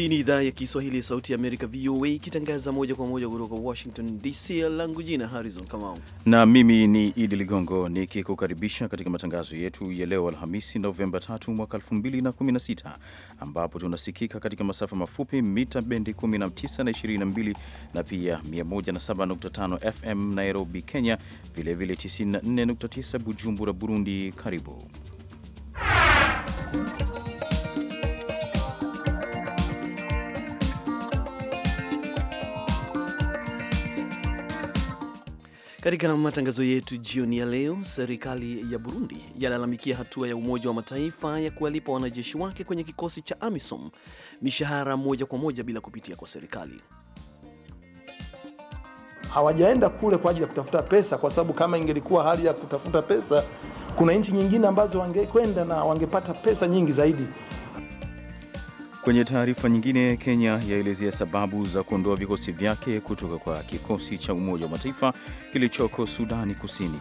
Hii ni idhaa ya Kiswahili ya Sauti ya Amerika, VOA, ikitangaza moja kwa moja kutoka Washington DC. langu jina Harrison Kamau na mimi ni Idi Ligongo nikikukaribisha katika matangazo yetu ya leo Alhamisi, Novemba 3 mwaka 2016, ambapo tunasikika katika masafa mafupi mita bendi 19 na 22 na pia 107.5 FM Nairobi, Kenya, vilevile 94.9 Bujumbura, Burundi. Karibu Katika matangazo yetu jioni ya leo, serikali ya Burundi yalalamikia hatua ya Umoja wa Mataifa ya kuwalipa wanajeshi wake kwenye kikosi cha AMISOM mishahara moja kwa moja bila kupitia kwa serikali. Hawajaenda kule kwa ajili ya kutafuta pesa, kwa sababu kama ingelikuwa hali ya kutafuta pesa, kuna nchi nyingine ambazo wangekwenda na wangepata pesa nyingi zaidi. Kwenye taarifa nyingine, Kenya yaelezea sababu za kuondoa vikosi vyake kutoka kwa kikosi cha Umoja wa Mataifa kilichoko Sudani Kusini.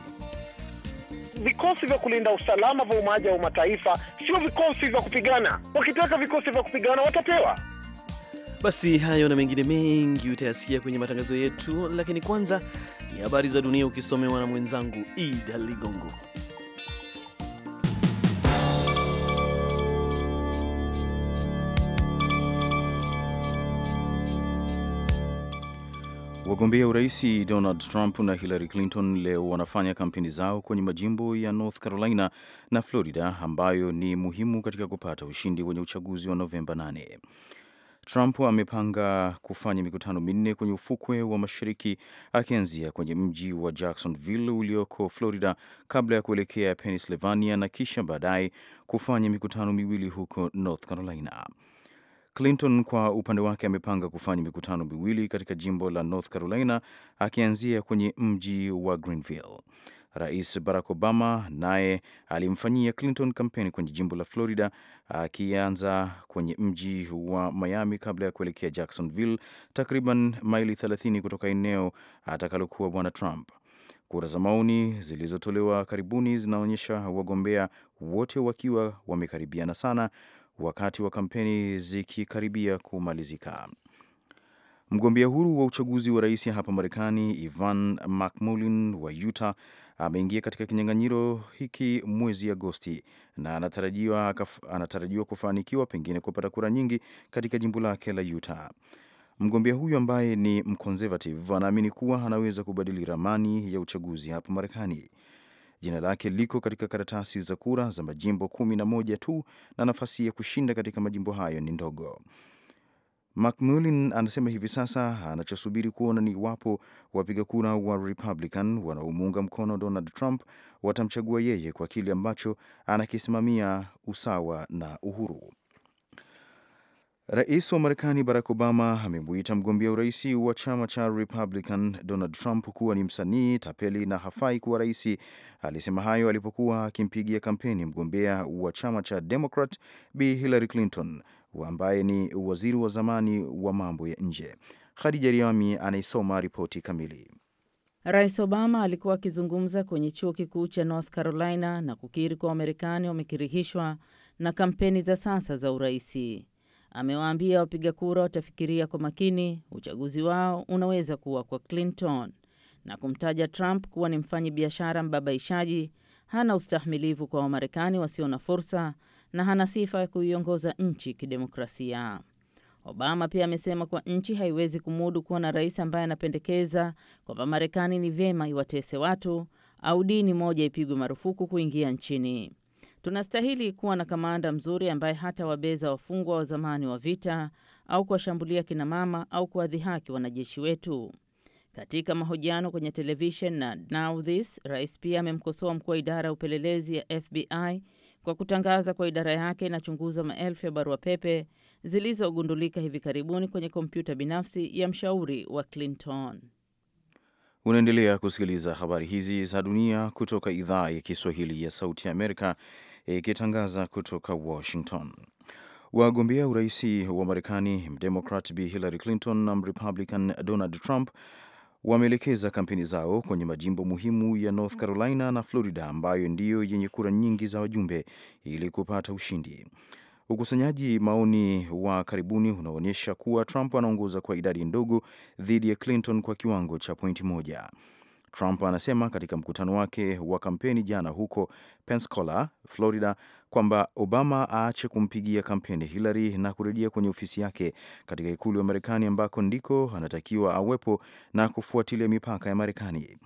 Vikosi vya kulinda usalama vya Umoja wa Mataifa sio vikosi vya kupigana. Wakitaka vikosi vya kupigana watapewa. Basi hayo na mengine mengi utayasikia kwenye matangazo yetu, lakini kwanza ni habari za dunia ukisomewa na mwenzangu Ida Ligongo. Wagombea uraisi Donald Trump na Hillary Clinton leo wanafanya kampeni zao kwenye majimbo ya North Carolina na Florida ambayo ni muhimu katika kupata ushindi kwenye uchaguzi wa Novemba 8. Trump amepanga kufanya mikutano minne kwenye ufukwe wa mashariki akianzia kwenye mji wa Jacksonville ulioko Florida kabla ya kuelekea Pennsylvania na kisha baadaye kufanya mikutano miwili huko North Carolina. Clinton kwa upande wake amepanga kufanya mikutano miwili katika jimbo la North Carolina akianzia kwenye mji wa Greenville. Rais Barack Obama naye alimfanyia Clinton kampeni kwenye jimbo la Florida akianza kwenye mji wa Miami kabla ya kuelekea Jacksonville, takriban maili 30 kutoka eneo atakalokuwa bwana Trump. Kura za maoni zilizotolewa karibuni zinaonyesha wagombea wote wakiwa wamekaribiana sana wakati wa kampeni zikikaribia kumalizika. Mgombea huru wa uchaguzi wa rais hapa Marekani, Ivan mcmullin wa Utah ameingia katika kinyang'anyiro hiki mwezi Agosti na anatarajiwa, anatarajiwa kufanikiwa pengine kupata kura nyingi katika jimbo lake la Utah. Mgombea huyu ambaye ni mconservative anaamini kuwa anaweza kubadili ramani ya uchaguzi hapa Marekani. Jina lake liko katika karatasi za kura za majimbo kumi na moja tu na nafasi ya kushinda katika majimbo hayo ni ndogo. McMullen anasema hivi sasa anachosubiri kuona ni iwapo wapiga kura wa Republican wanaomuunga mkono Donald Trump watamchagua yeye kwa kile ambacho anakisimamia usawa na uhuru. Rais wa Marekani Barack Obama amemuita mgombea urais wa chama cha Republican Donald Trump kuwa ni msanii tapeli na hafai kuwa rais. Alisema hayo alipokuwa akimpigia kampeni mgombea wa chama cha Democrat Bi Hillary Clinton ambaye ni waziri wa zamani wa mambo ya nje. Khadija Riami anaisoma ripoti kamili. Rais Obama alikuwa akizungumza kwenye chuo kikuu cha North Carolina na kukiri kuwa Wamarekani wamekirihishwa na kampeni za sasa za uraisi. Amewaambia wapiga kura watafikiria kwa makini uchaguzi wao unaweza kuwa kwa Clinton na kumtaja Trump kuwa ni mfanyi biashara mbabaishaji, hana ustahimilivu kwa Wamarekani wasio na fursa na hana sifa ya kuiongoza nchi kidemokrasia. Obama pia amesema kuwa nchi haiwezi kumudu kuwa na rais ambaye anapendekeza kwamba Marekani ni vyema iwatese watu au dini moja ipigwe marufuku kuingia nchini. Tunastahili kuwa na kamanda mzuri ambaye hata wabeza wafungwa wa zamani wa vita au kuwashambulia kinamama au kuwadhihaki wanajeshi wetu. Katika mahojiano kwenye televishen na Now This, rais pia amemkosoa mkuu wa idara ya upelelezi ya FBI kwa kutangaza kwa idara yake inachunguza maelfu ya barua pepe zilizogundulika hivi karibuni kwenye kompyuta binafsi ya mshauri wa Clinton. Unaendelea kusikiliza habari hizi za dunia kutoka idhaa ya Kiswahili ya Sauti ya Amerika ikitangaza kutoka Washington. Wagombea urais wa Marekani Mdemokrat b Hillary Clinton na Mrepublican Donald Trump wameelekeza kampeni zao kwenye majimbo muhimu ya North Carolina na Florida ambayo ndiyo yenye kura nyingi za wajumbe ili kupata ushindi. Ukusanyaji maoni wa karibuni unaonyesha kuwa Trump anaongoza kwa idadi ndogo dhidi ya Clinton kwa kiwango cha pointi moja. Trump anasema katika mkutano wake wa kampeni jana huko Pensacola, Florida, kwamba Obama aache kumpigia kampeni Hillary na kurejea kwenye ofisi yake katika ikulu ya Marekani ambako ndiko anatakiwa awepo na kufuatilia mipaka ya Marekani.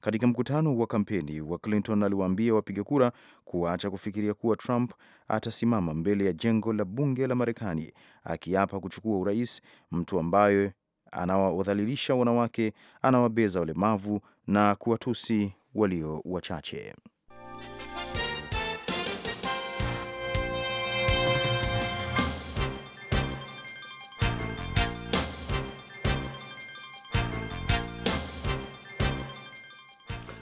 Katika mkutano wa kampeni wa Clinton aliwaambia wapiga kura kuacha kufikiria kuwa Trump atasimama mbele ya jengo la bunge la Marekani akiapa kuchukua urais, mtu ambaye anawadhalilisha wanawake, anawabeza walemavu na kuwatusi walio wachache.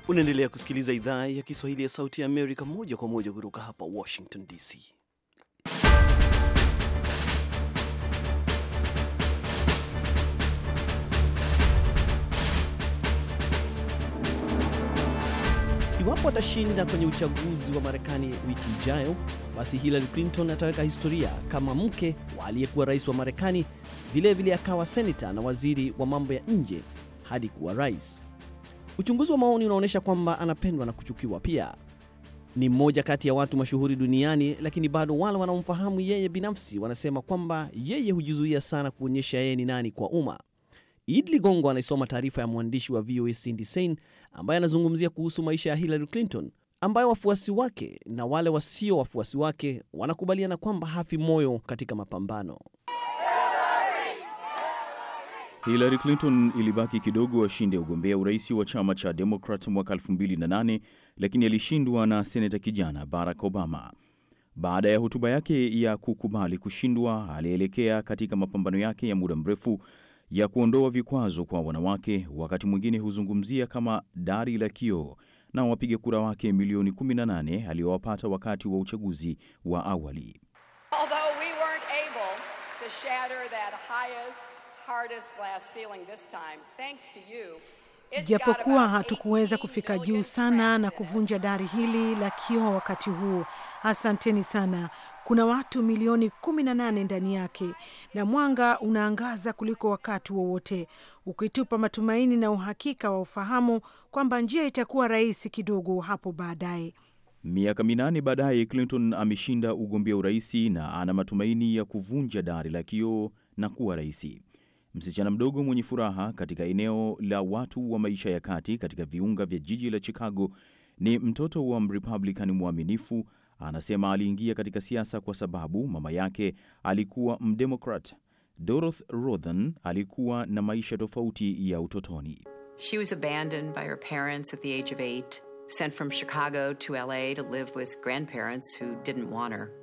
Unaendelea kusikiliza idhaa ya Kiswahili ya Sauti ya Amerika moja kwa moja kutoka hapa Washington DC. Iwapo atashinda kwenye uchaguzi wa Marekani wiki ijayo, basi Hillary Clinton ataweka historia kama mke wa aliyekuwa rais wa Marekani, vilevile akawa senata na waziri wa mambo ya nje hadi kuwa rais. Uchunguzi wa maoni unaonyesha kwamba anapendwa na kuchukiwa pia. Ni mmoja kati ya watu mashuhuri duniani, lakini bado wale wanaomfahamu yeye binafsi wanasema kwamba yeye hujizuia sana kuonyesha yeye ni nani kwa umma. Id Ligongo anaisoma taarifa ya mwandishi wa VOA Cindy Sein ambaye anazungumzia kuhusu maisha ya Hillary Clinton ambayo wafuasi wake na wale wasio wafuasi wake wanakubaliana kwamba hafi moyo katika mapambano. Hillary Clinton ilibaki kidogo ashinde ugombea urais wa chama cha Demokrat mwaka 2008 lakini alishindwa na seneta kijana Barack Obama. Baada ya hotuba yake ya kukubali kushindwa, alielekea katika mapambano yake ya muda mrefu ya kuondoa vikwazo kwa wanawake, wakati mwingine huzungumzia kama dari la kioo, na wapiga kura wake milioni 18 aliyowapata wakati wa uchaguzi wa awali. Japokuwa hatukuweza kufika juu sana na kuvunja dari hili la kioo wakati huu. Asanteni sana kuna watu milioni 18 ndani yake, na mwanga unaangaza kuliko wakati wowote, ukitupa matumaini na uhakika wa ufahamu kwamba njia itakuwa rahisi kidogo hapo baadaye. Miaka minane baadaye, Clinton ameshinda ugombea uraisi na ana matumaini ya kuvunja dari la kioo na kuwa raisi. Msichana mdogo mwenye furaha katika eneo la watu wa maisha ya kati katika viunga vya jiji la Chicago ni mtoto wa Mrepublican mwaminifu Anasema aliingia katika siasa kwa sababu mama yake alikuwa mdemokrat. doroth rothen alikuwa na maisha tofauti ya utotoni. She was abandoned by her parents at the age of 8, sent from Chicago to LA to live with grandparents who didn't want her.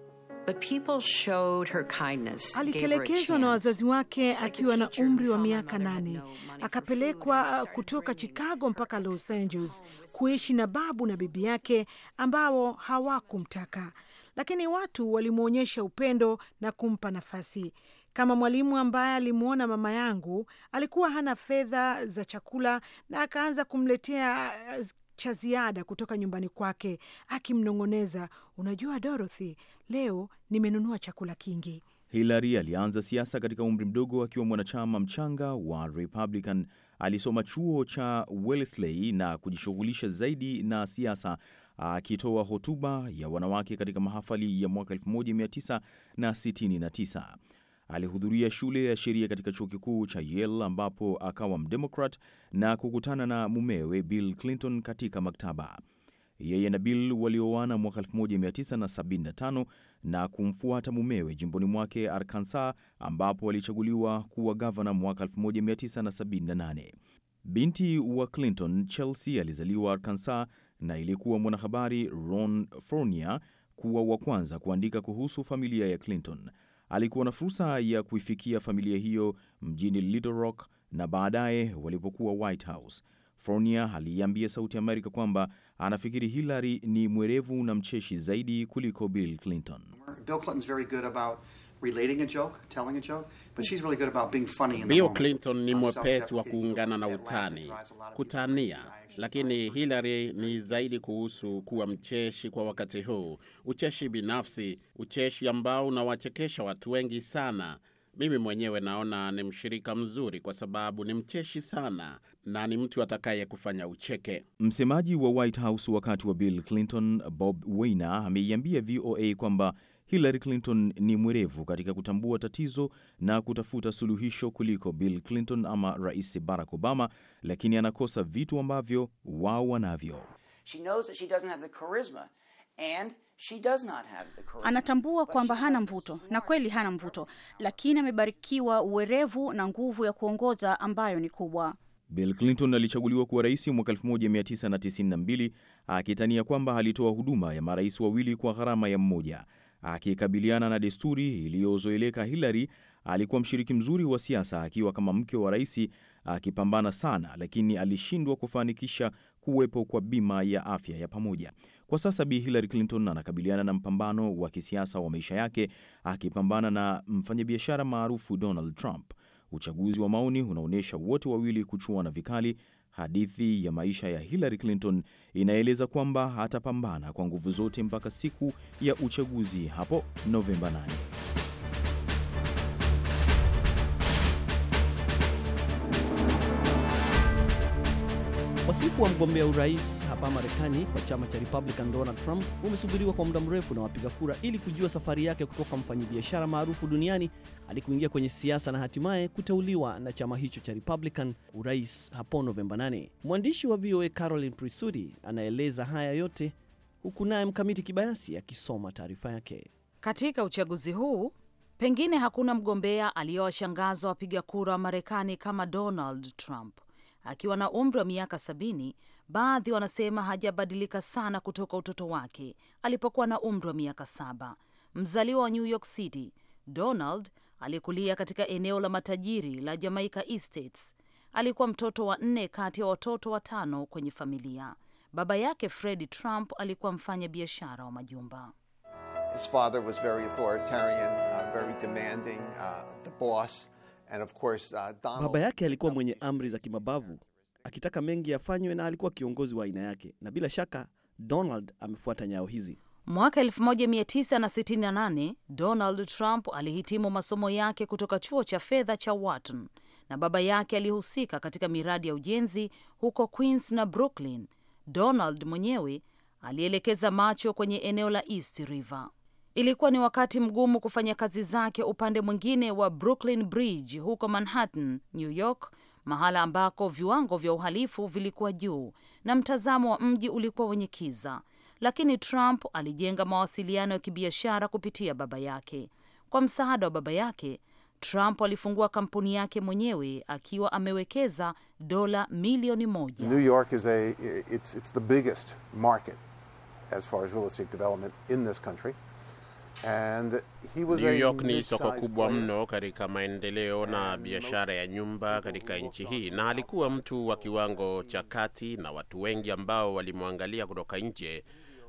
Alitelekezwa na wazazi wake akiwa na umri wa miaka nane, akapelekwa uh, kutoka Chicago mpaka Los Angeles kuishi na babu na bibi yake ambao hawakumtaka, lakini watu walimwonyesha upendo na kumpa nafasi kama mwalimu ambaye alimwona mama yangu alikuwa hana fedha za chakula na akaanza kumletea uh, cha ziada kutoka nyumbani kwake, akimnong'oneza, unajua Dorothy, leo nimenunua chakula kingi. Hillary alianza siasa katika umri mdogo akiwa mwanachama mchanga wa Republican. Alisoma chuo cha Wellesley na kujishughulisha zaidi na siasa akitoa hotuba ya wanawake katika mahafali ya mwaka 1969. Alihudhuria shule ya sheria katika chuo kikuu cha Yale ambapo akawa mdemokrat na kukutana na mumewe Bill Clinton katika maktaba. Yeye na Bill walioana mwaka 1975 na kumfuata mumewe jimboni mwake Arkansas, ambapo alichaguliwa kuwa gavana mwaka 1978. Binti wa Clinton, Chelsea, alizaliwa Arkansas na ilikuwa mwanahabari Ron fornia kuwa wa kwanza kuandika kuhusu familia ya Clinton alikuwa na fursa ya kuifikia familia hiyo mjini Little Rock na baadaye walipokuwa White House. Fournier aliiambia Sauti ya Amerika kwamba anafikiri Hillary ni mwerevu na mcheshi zaidi kuliko Bill Clinton. Bill Clinton's very good about relating a joke, telling a joke, but she's really good about being funny in the moment. Bill Clinton ni mwepesi wa kuungana na utani, kutania lakini Hillary ni zaidi kuhusu kuwa mcheshi kwa wakati huu, ucheshi binafsi, ucheshi ambao unawachekesha watu wengi sana. Mimi mwenyewe naona ni mshirika mzuri kwa sababu ni mcheshi sana na ni mtu atakaye kufanya ucheke. Msemaji wa White House wakati wa Bill Clinton, Bob Weiner, ameiambia VOA kwamba Hillary Clinton ni mwerevu katika kutambua tatizo na kutafuta suluhisho kuliko Bill Clinton ama Rais Barack Obama, lakini anakosa vitu ambavyo wao wanavyo. Anatambua kwamba hana mvuto, na kweli hana mvuto, lakini amebarikiwa uwerevu na nguvu ya kuongoza ambayo ni kubwa. Bill Clinton alichaguliwa kuwa rais mwaka 1992 akitania kwamba alitoa huduma ya marais wawili kwa gharama ya mmoja. Akikabiliana na desturi iliyozoeleka, Hillary alikuwa mshiriki mzuri wa siasa akiwa kama mke wa rais, akipambana sana, lakini alishindwa kufanikisha kuwepo kwa bima ya afya ya pamoja. Kwa sasa Bi Hillary Clinton anakabiliana na mpambano wa kisiasa wa maisha yake, akipambana na mfanyabiashara maarufu Donald Trump. Uchaguzi wa maoni unaonyesha wote wawili kuchuana vikali, Hadithi ya maisha ya Hillary Clinton inaeleza kwamba atapambana kwa nguvu zote mpaka siku ya uchaguzi hapo Novemba 8. Wasifu wa mgombea urais hapa Marekani kwa chama cha Republican Donald Trump umesubiriwa kwa muda mrefu na wapiga kura ili kujua safari yake kutoka mfanyabiashara maarufu duniani hadi kuingia kwenye siasa na hatimaye kuteuliwa na chama hicho cha Republican urais hapo Novemba 8. Mwandishi wa VOA carolyn Prisudi anaeleza haya yote huku naye Mkamiti Kibayasi akisoma taarifa yake. Katika uchaguzi huu pengine hakuna mgombea aliyowashangaza wapiga kura wa Marekani kama Donald Trump akiwa na umri wa miaka sabini. Baadhi wanasema hajabadilika sana kutoka utoto wake alipokuwa na umri wa miaka saba. Mzaliwa wa New York City, Donald alikulia katika eneo la matajiri la Jamaica Estates. Alikuwa mtoto wa nne kati ya watoto watano kwenye familia. Baba yake Fred Trump alikuwa mfanya biashara wa majumba. His father was very authoritarian, uh, very demanding, uh, the boss Uh, baba yake alikuwa mwenye amri za kimabavu akitaka mengi yafanywe, na alikuwa kiongozi wa aina yake, na bila shaka Donald amefuata nyayo hizi. Mwaka 1968 Donald Trump alihitimu masomo yake kutoka chuo cha fedha cha Wharton, na baba yake alihusika katika miradi ya ujenzi huko Queens na Brooklyn. Donald mwenyewe alielekeza macho kwenye eneo la East River. Ilikuwa ni wakati mgumu kufanya kazi zake upande mwingine wa Brooklyn Bridge huko Manhattan, New York, mahala ambako viwango vya uhalifu vilikuwa juu na mtazamo wa mji ulikuwa wenye kiza. Lakini Trump alijenga mawasiliano ya kibiashara kupitia baba yake. Kwa msaada wa baba yake, Trump alifungua kampuni yake mwenyewe akiwa amewekeza dola milioni moja. New York is a, it's, it's the biggest market as far as real estate development in this country. New York ni soko kubwa mno katika maendeleo na biashara ya nyumba katika nchi hii, na alikuwa mtu wa kiwango cha kati, na watu wengi ambao walimwangalia kutoka nje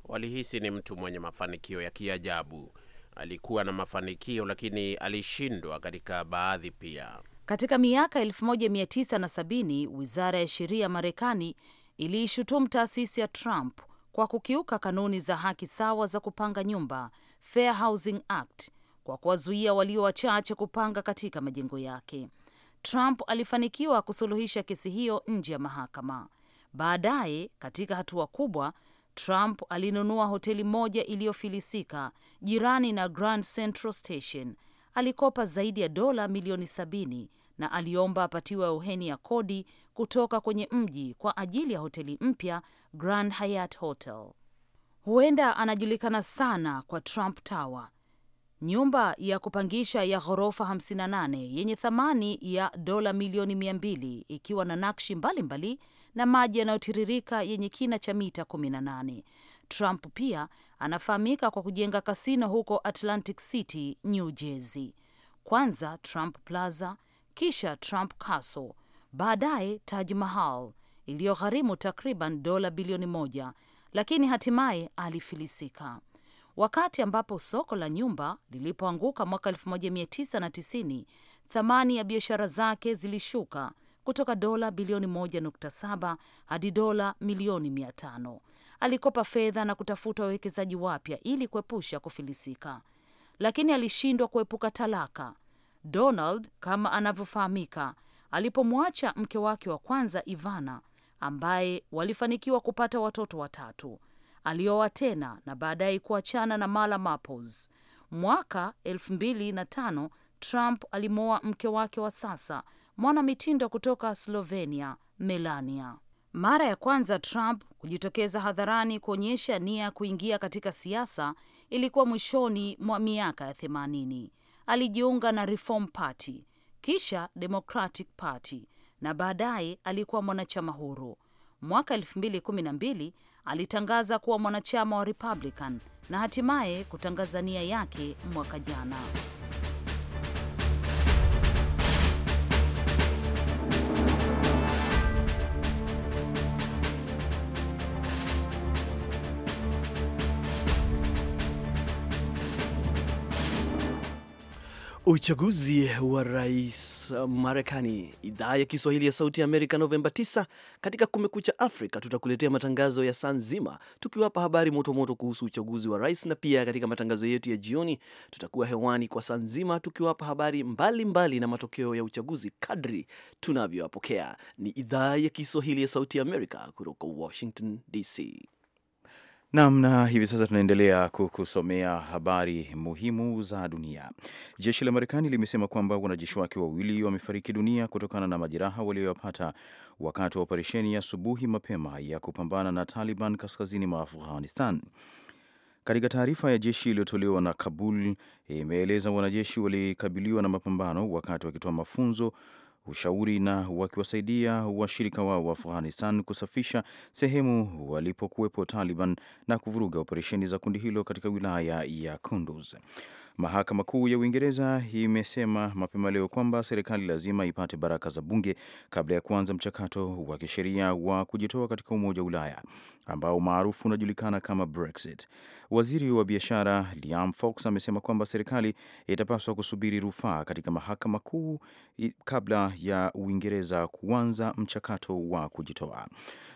walihisi ni mtu mwenye mafanikio ya kiajabu. Alikuwa na mafanikio lakini alishindwa katika baadhi pia. Katika miaka 1970 wizara ya sheria ya Marekani iliishutumu taasisi ya Trump kwa kukiuka kanuni za haki sawa za kupanga nyumba Fair Housing Act kwa kuwazuia walio wachache kupanga katika majengo yake. Trump alifanikiwa kusuluhisha kesi hiyo nje ya mahakama. Baadaye, katika hatua kubwa, Trump alinunua hoteli moja iliyofilisika jirani na Grand Central Station. Alikopa zaidi ya dola milioni sabini na aliomba apatiwe auheni ya kodi kutoka kwenye mji kwa ajili ya hoteli mpya Grand Hyatt Hotel huenda anajulikana sana kwa Trump Tower, nyumba ya kupangisha ya ghorofa 58 yenye thamani ya dola milioni 200 ikiwa na nakshi mbalimbali mbali na maji yanayotiririka yenye kina cha mita 18. Trump pia anafahamika kwa kujenga kasino huko Atlantic City, New Jersey, kwanza Trump Plaza, kisha Trump Castle, baadaye Taj Mahal iliyogharimu takriban dola bilioni moja lakini hatimaye alifilisika. Wakati ambapo soko la nyumba lilipoanguka mwaka 1990, thamani ya biashara zake zilishuka kutoka dola bilioni 1.7 hadi dola milioni 500. Alikopa fedha na kutafuta wawekezaji wapya ili kuepusha kufilisika, lakini alishindwa kuepuka talaka. Donald kama anavyofahamika, alipomwacha mke wake wa kwanza Ivana ambaye walifanikiwa kupata watoto watatu. Alioa tena na baadaye kuachana na Mala Maples. Mwaka elfu mbili na tano Trump alimwoa mke wake wa sasa, mwanamitindo kutoka Slovenia, Melania. Mara ya kwanza Trump kujitokeza hadharani kuonyesha nia ya kuingia katika siasa ilikuwa mwishoni mwa miaka ya themanini. Alijiunga na Reform Party kisha Democratic Party na baadaye alikuwa mwanachama huru. Mwaka 2012 alitangaza kuwa mwanachama wa Republican na hatimaye kutangaza nia yake mwaka jana. Uchaguzi wa rais Marekani, idhaa ya Kiswahili ya Sauti ya Amerika. Novemba 9 katika Kumekucha Afrika tutakuletea matangazo ya saa nzima tukiwapa habari motomoto kuhusu uchaguzi wa rais, na pia katika matangazo yetu ya jioni tutakuwa hewani kwa saa nzima tukiwapa habari mbalimbali mbali na matokeo ya uchaguzi kadri tunavyowapokea. Ni idhaa ya Kiswahili ya Sauti ya Amerika kutoka Washington DC. Nam na hivi sasa tunaendelea kukusomea habari muhimu za dunia. Jeshi la Marekani limesema kwamba wanajeshi wake wawili wamefariki dunia kutokana na majeraha walioyapata wakati wa operesheni ya asubuhi mapema ya kupambana na Taliban kaskazini mwa Afghanistan. Katika taarifa ya jeshi iliyotolewa na Kabul, imeeleza wanajeshi walikabiliwa na mapambano wakati wakitoa mafunzo ushauri na wakiwasaidia washirika wao wa Afghanistan kusafisha sehemu walipokuwepo Taliban na kuvuruga operesheni za kundi hilo katika wilaya ya Kunduz. Mahakama Kuu ya Uingereza imesema mapema leo kwamba serikali lazima ipate baraka za bunge kabla ya kuanza mchakato wa kisheria wa kujitoa katika Umoja wa Ulaya ambao maarufu unajulikana kama Brexit. Waziri wa biashara Liam Fox amesema kwamba serikali itapaswa kusubiri rufaa katika Mahakama Kuu kabla ya Uingereza kuanza mchakato wa kujitoa.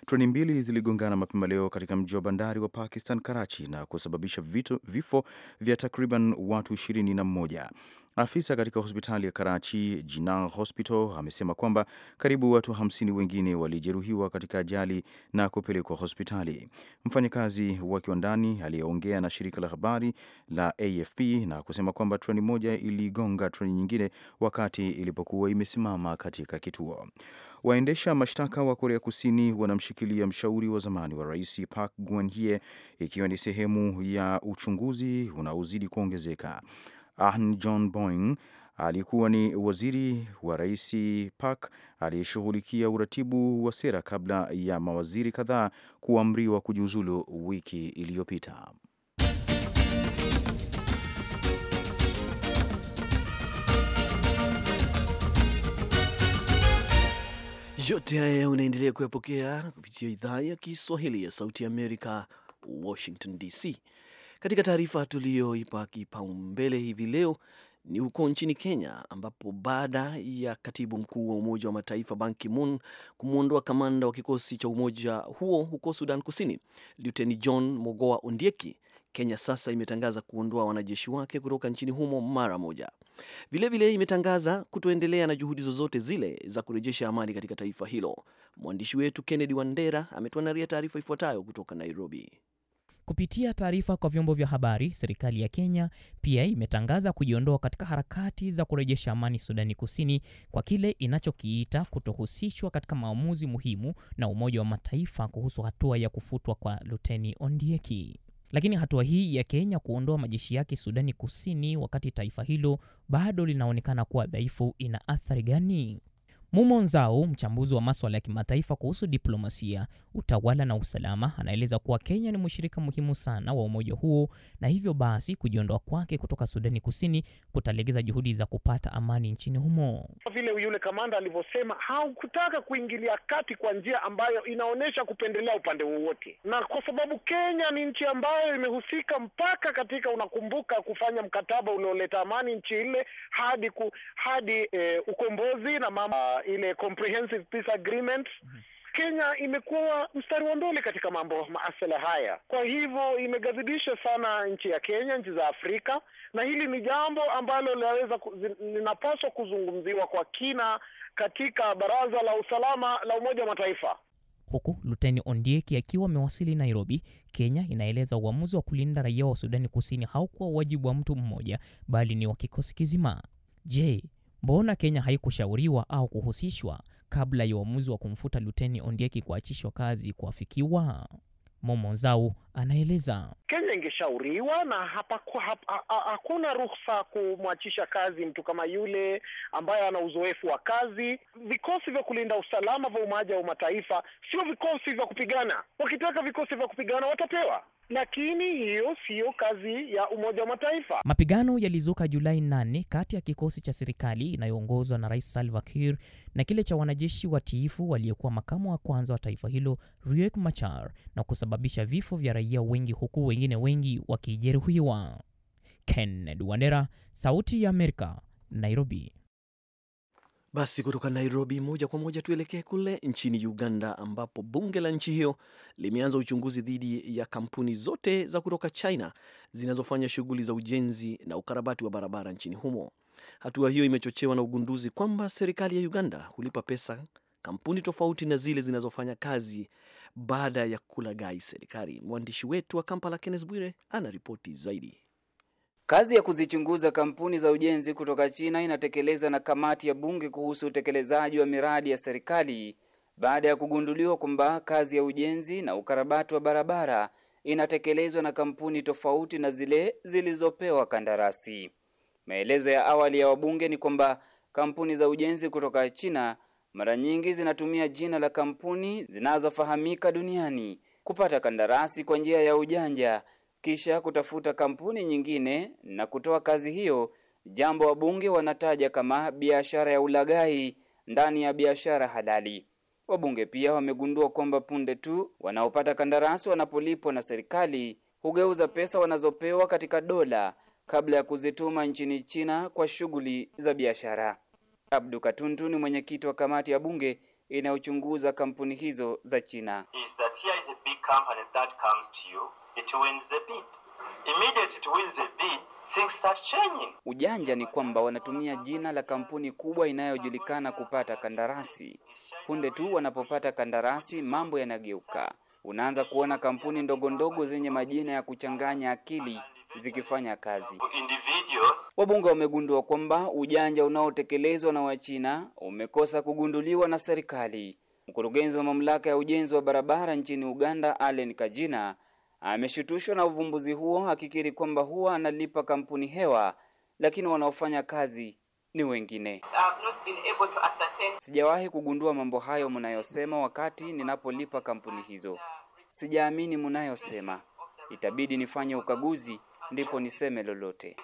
Treni mbili ziligongana mapema leo katika mji wa bandari wa Pakistan, Karachi, na kusababisha vito, vifo vya takriban watu 21. na Afisa katika hospitali ya Karachi Jinnah Hospital amesema kwamba karibu watu hamsini wengine walijeruhiwa katika ajali na kupelekwa hospitali. Mfanyakazi wa kiwandani aliyeongea na shirika la habari la AFP na kusema kwamba treni moja iligonga treni nyingine wakati ilipokuwa imesimama katika kituo. Waendesha mashtaka wa Korea Kusini wanamshikilia mshauri wa zamani wa rais Park Geun-hye ikiwa ni sehemu ya uchunguzi unaozidi kuongezeka. Ahn John Boeing alikuwa ni waziri wa rais Park aliyeshughulikia uratibu wa sera kabla ya mawaziri kadhaa kuamriwa kujiuzulu wiki iliyopita. Yote haya unaendelea kuyapokea kupitia idhaa ya Kiswahili ya Sauti ya Amerika, Washington DC. Katika taarifa tuliyoipa kipaumbele hivi leo ni huko nchini Kenya, ambapo baada ya katibu mkuu wa Umoja wa Mataifa Ban Ki-moon kumwondoa kamanda wa kikosi cha umoja huo huko Sudan Kusini, Luteni John Mogoa Ondieki, Kenya sasa imetangaza kuondoa wanajeshi wake kutoka nchini humo mara moja. Vilevile imetangaza kutoendelea na juhudi zozote zile za kurejesha amani katika taifa hilo. Mwandishi wetu Kennedy Wandera ametuandalia taarifa ifuatayo kutoka Nairobi. Kupitia taarifa kwa vyombo vya habari, serikali ya Kenya pia imetangaza kujiondoa katika harakati za kurejesha amani Sudani Kusini kwa kile inachokiita kutohusishwa katika maamuzi muhimu na Umoja wa Mataifa kuhusu hatua ya kufutwa kwa Luteni Ondieki. Lakini hatua hii ya Kenya kuondoa majeshi yake Sudani Kusini wakati taifa hilo bado linaonekana kuwa dhaifu ina athari gani? Mumo Nzau, mchambuzi wa maswala ya kimataifa kuhusu diplomasia, utawala na usalama, anaeleza kuwa Kenya ni mshirika muhimu sana wa umoja huo na hivyo basi kujiondoa kwake kutoka Sudani Kusini kutalegeza juhudi za kupata amani nchini humo. Vile yule kamanda alivyosema, haukutaka kuingilia kati kwa njia ambayo inaonyesha kupendelea upande wowote, na kwa sababu Kenya ni nchi ambayo imehusika mpaka katika, unakumbuka, kufanya mkataba ulioleta amani nchi ile hadi ku, hadi eh, ukombozi na mama ile comprehensive peace agreement mm-hmm. Kenya imekuwa mstari wa mbele katika mambo maasala haya, kwa hivyo imegadhibisha sana nchi ya Kenya, nchi za Afrika, na hili ni jambo ambalo linaweza linapaswa kuzungumziwa kwa kina katika Baraza la Usalama la Umoja wa Mataifa. Huku Luteni Ondieki akiwa amewasili Nairobi, Kenya inaeleza uamuzi wa kulinda raia wa Sudani Kusini haukuwa wajibu wa mtu mmoja, bali ni wa kikosi kizima. Je, Mbona Kenya haikushauriwa au kuhusishwa kabla ya uamuzi wa kumfuta Luteni Ondieki kuachishwa kazi kuafikiwa? Momo Zau anaeleza. Kenya ingeshauriwa na hapa, hap, hakuna ruhusa kumwachisha kazi mtu kama yule ambaye ana uzoefu wa kazi. Vikosi vya kulinda usalama vya Umoja wa Mataifa sio vikosi vya kupigana. Wakitaka vikosi vya kupigana watapewa lakini hiyo siyo kazi ya Umoja wa Mataifa. Mapigano yalizuka Julai 8 kati ya kikosi cha serikali inayoongozwa na Rais Salva Kiir na kile cha wanajeshi watiifu waliokuwa makamu wa kwanza wa taifa hilo Riek Machar na kusababisha vifo vya raia wengi huku wengine wengi wakijeruhiwa. kenned Wandera, Sauti ya Amerika, Nairobi. Basi kutoka Nairobi moja kwa moja tuelekee kule nchini Uganda, ambapo bunge la nchi hiyo limeanza uchunguzi dhidi ya kampuni zote za kutoka China zinazofanya shughuli za ujenzi na ukarabati wa barabara nchini humo. Hatua hiyo imechochewa na ugunduzi kwamba serikali ya Uganda hulipa pesa kampuni tofauti na zile zinazofanya kazi baada ya kulaghai serikali. Mwandishi wetu wa Kampala, Kenneth Bwire, ana ripoti zaidi. Kazi ya kuzichunguza kampuni za ujenzi kutoka China inatekelezwa na kamati ya bunge kuhusu utekelezaji wa miradi ya serikali baada ya kugunduliwa kwamba kazi ya ujenzi na ukarabati wa barabara inatekelezwa na kampuni tofauti na zile zilizopewa kandarasi. Maelezo ya awali ya wabunge ni kwamba kampuni za ujenzi kutoka China mara nyingi zinatumia jina la kampuni zinazofahamika duniani kupata kandarasi kwa njia ya ujanja kisha kutafuta kampuni nyingine na kutoa kazi hiyo, jambo wabunge wanataja kama biashara ya ulaghai ndani ya biashara halali. Wabunge pia wamegundua kwamba punde tu wanaopata kandarasi wanapolipwa na serikali hugeuza pesa wanazopewa katika dola kabla ya kuzituma nchini China kwa shughuli za biashara. Abdu Katuntu ni mwenyekiti wa kamati ya bunge inayochunguza kampuni hizo za China. Is that here is a big company that comes to you it wins the bid. Immediately it wins the bid, things start changing. Ujanja ni kwamba wanatumia jina la kampuni kubwa inayojulikana kupata kandarasi. Punde tu wanapopata kandarasi, mambo yanageuka. Unaanza kuona kampuni ndogo ndogo zenye majina ya kuchanganya akili zikifanya kazi. Wabunge wamegundua kwamba ujanja unaotekelezwa na Wachina umekosa kugunduliwa na serikali. Mkurugenzi wa mamlaka ya ujenzi wa barabara nchini Uganda, Allen Kajina, ameshutushwa na uvumbuzi huo akikiri kwamba huwa analipa kampuni hewa, lakini wanaofanya kazi ni wengine. Sijawahi kugundua mambo hayo mnayosema wakati ninapolipa kampuni hizo. Sijaamini mnayosema. Itabidi nifanye ukaguzi ndipo niseme lolote.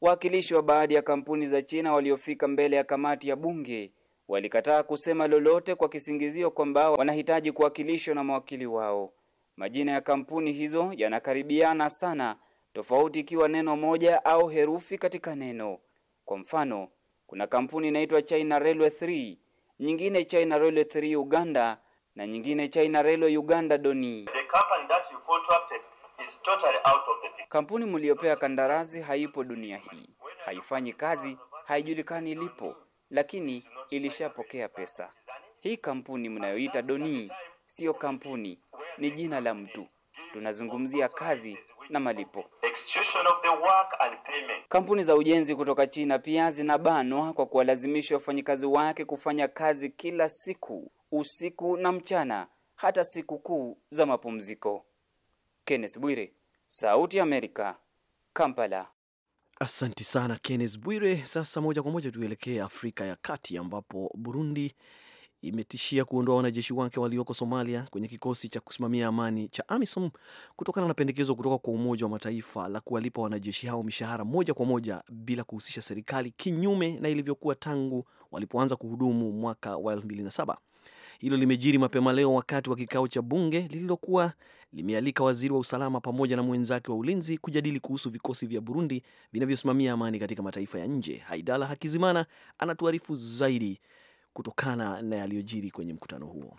Wawakilishi wa baadhi ya kampuni za China waliofika mbele ya kamati ya bunge walikataa kusema lolote kwa kisingizio kwamba wanahitaji kuwakilishwa na mawakili wao. Majina ya kampuni hizo yanakaribiana sana, tofauti ikiwa neno moja au herufi katika neno. Kwa mfano, kuna kampuni inaitwa China Railway 3, nyingine China Railway 3 Uganda na nyingine China Railway Uganda Doni. kampuni mliopewa kandarasi haipo dunia hii, haifanyi kazi, haijulikani ilipo, lakini ilishapokea pesa. Hii kampuni mnayoita Doni sio kampuni, ni jina la mtu. Tunazungumzia kazi na malipo. Kampuni za ujenzi kutoka China pia zinabanwa kwa kuwalazimisha wafanyikazi wake kufanya kazi kila siku, usiku na mchana, hata siku kuu za mapumziko. Kenneth Bwire, Sauti ya Amerika, Kampala. Asanti sana Kenneth Bwire. Sasa moja kwa moja tuelekee Afrika ya Kati ambapo Burundi imetishia kuondoa wanajeshi wake walioko Somalia kwenye kikosi cha kusimamia amani cha AMISOM kutokana na pendekezo kutoka kwa Umoja wa Mataifa la kuwalipa wanajeshi hao mishahara moja kwa moja bila kuhusisha serikali, kinyume na ilivyokuwa tangu walipoanza kuhudumu mwaka wa 2007. Hilo limejiri mapema leo wakati wa kikao cha bunge lililokuwa limealika waziri wa usalama pamoja na mwenzake wa ulinzi kujadili kuhusu vikosi vya Burundi vinavyosimamia amani katika mataifa ya nje. Haidala Hakizimana anatuarifu zaidi kutokana na yaliyojiri kwenye mkutano huo.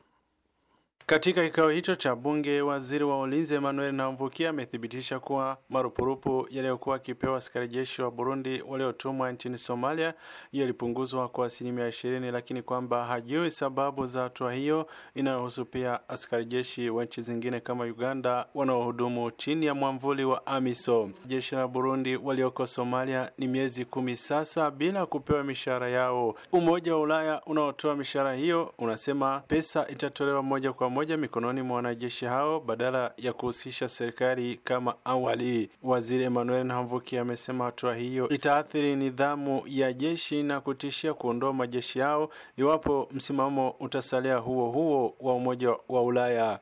Katika kikao hicho cha bunge, waziri wa ulinzi Emmanuel Namvukia amethibitisha kuwa marupurupu yaliyokuwa akipewa askari jeshi wa Burundi waliotumwa nchini Somalia yalipunguzwa kwa asilimia ishirini, lakini kwamba hajui sababu za hatua hiyo inayohusu pia askari jeshi wa nchi zingine kama Uganda wanaohudumu chini ya mwamvuli wa AMISOM. Jeshi la Burundi walioko Somalia ni miezi kumi sasa bila kupewa mishahara yao. Umoja wa Ulaya unaotoa mishahara hiyo unasema pesa itatolewa moja kwa moja mikononi mwa wanajeshi hao badala ya kuhusisha serikali kama awali. Waziri Emmanuel Nhamvuki amesema hatua hiyo itaathiri nidhamu ya jeshi na kutishia kuondoa majeshi yao iwapo msimamo utasalia huo huo wa Umoja wa Ulaya.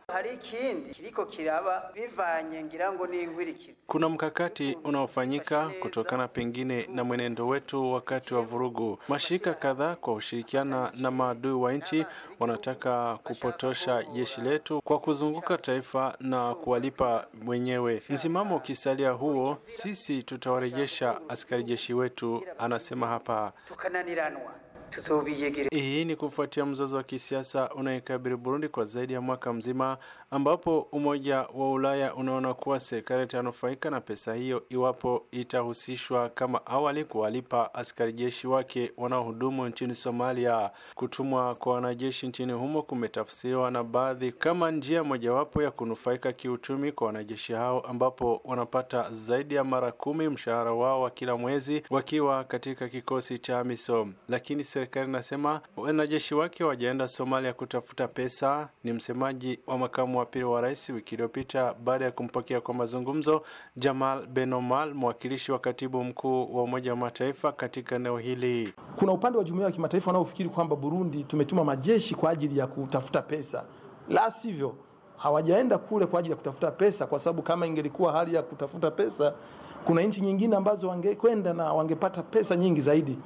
Kuna mkakati unaofanyika kutokana pengine na mwenendo wetu wakati wa vurugu. Mashirika kadhaa kwa ushirikiana na maadui wa nchi wanataka kupotosha jeshi jeshi letu kwa kuzunguka taifa na kuwalipa mwenyewe. Msimamo ukisalia huo, sisi tutawarejesha askari jeshi wetu, anasema hapa. Hii ni kufuatia mzozo wa kisiasa unaoikabili Burundi kwa zaidi ya mwaka mzima, ambapo Umoja wa Ulaya unaona kuwa serikali itanufaika na pesa hiyo iwapo itahusishwa kama awali kuwalipa askari jeshi wake wanaohudumu nchini Somalia. Kutumwa kwa wanajeshi nchini humo kumetafsiriwa na baadhi kama njia mojawapo ya kunufaika kiuchumi kwa wanajeshi hao, ambapo wanapata zaidi ya mara kumi mshahara wao wa kila mwezi wakiwa katika kikosi cha AMISOM, lakini serikali inasema wanajeshi wake wajaenda Somalia kutafuta pesa. Ni msemaji wa makamu wa pili wa rais wiki iliyopita baada ya kumpokea kwa mazungumzo Jamal benomal mwakilishi wa katibu mkuu wa Umoja wa Mataifa katika eneo hili. Kuna upande wa jumuiya ya kimataifa wanaofikiri kwamba Burundi tumetuma majeshi kwa ajili ya kutafuta pesa, la sivyo hawajaenda kule kwa ajili ya kutafuta pesa, kwa sababu kama ingelikuwa hali ya kutafuta pesa, kuna nchi nyingine ambazo wangekwenda na wangepata pesa nyingi zaidi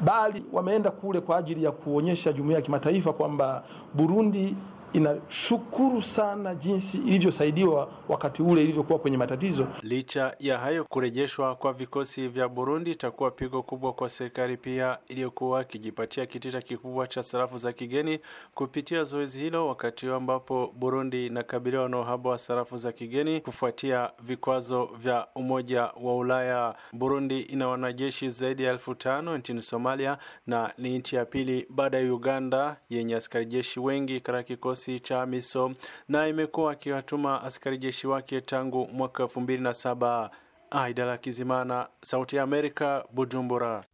bali wameenda kule kwa ajili ya kuonyesha jumuiya ya kimataifa kwamba Burundi inashukuru sana jinsi ilivyosaidiwa wakati ule ilivyokuwa kwenye matatizo. Licha ya hayo, kurejeshwa kwa vikosi vya Burundi itakuwa pigo kubwa kwa serikali pia iliyokuwa ikijipatia kitita kikubwa cha sarafu za kigeni kupitia zoezi hilo, wakati ambapo Burundi inakabiliwa na uhaba wa sarafu za kigeni kufuatia vikwazo vya Umoja wa Ulaya. Burundi ina wanajeshi zaidi ya elfu tano nchini Somalia na ni nchi ya pili baada ya Uganda yenye askari jeshi wengi katika kikosi kikosi cha MISO na imekuwa akiwatuma askari jeshi wake tangu mwaka 2007. Aida la Kizimana, Sauti ya Amerika, Bujumbura.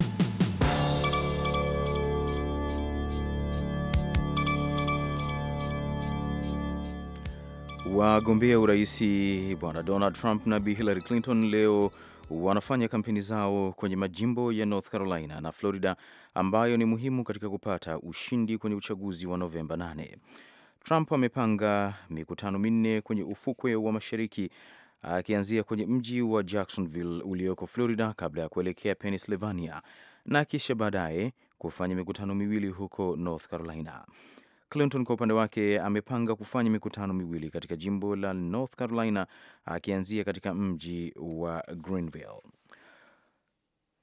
Wagombea uraisi Bwana Donald Trump na Bi Hillary Clinton leo wanafanya kampeni zao kwenye majimbo ya North Carolina na Florida ambayo ni muhimu katika kupata ushindi kwenye uchaguzi wa Novemba 8. Trump amepanga mikutano minne kwenye ufukwe wa mashariki akianzia kwenye mji wa Jacksonville ulioko Florida kabla ya kuelekea Pennsylvania na kisha baadaye kufanya mikutano miwili huko North Carolina. Clinton kwa upande wake amepanga kufanya mikutano miwili katika jimbo la North Carolina akianzia katika mji wa Greenville.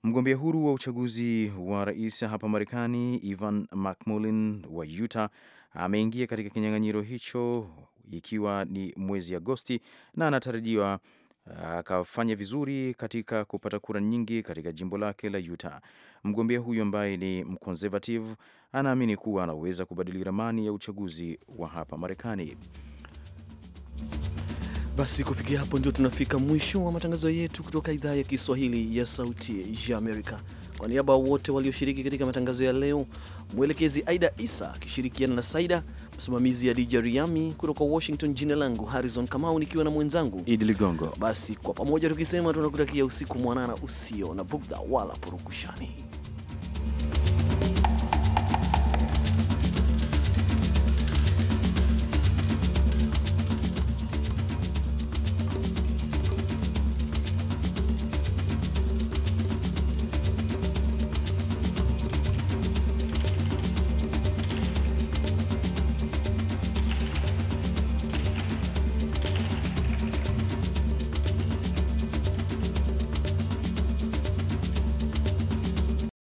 Mgombea huru wa uchaguzi wa rais hapa Marekani Ivan mcmullin wa Utah ameingia katika kinyang'anyiro hicho ikiwa ni mwezi Agosti na anatarajiwa ah, akafanya vizuri katika kupata kura nyingi katika jimbo lake la Utah. Mgombea huyu ambaye ni mconservative anaamini kuwa anaweza kubadili ramani ya uchaguzi wa hapa Marekani. Basi kufikia hapo ndio tunafika mwisho wa matangazo yetu kutoka idhaa ya Kiswahili ya Sauti ya Amerika. Kwa niaba ya wote walioshiriki katika matangazo ya leo, mwelekezi Aida Isa akishirikiana na Saida, msimamizi ya DJ Riami kutoka Washington, jina langu Harrison Kamau nikiwa na mwenzangu Idi Ligongo. Basi kwa pamoja tukisema tunakutakia usiku mwanana usio na bugdha wala purukushani.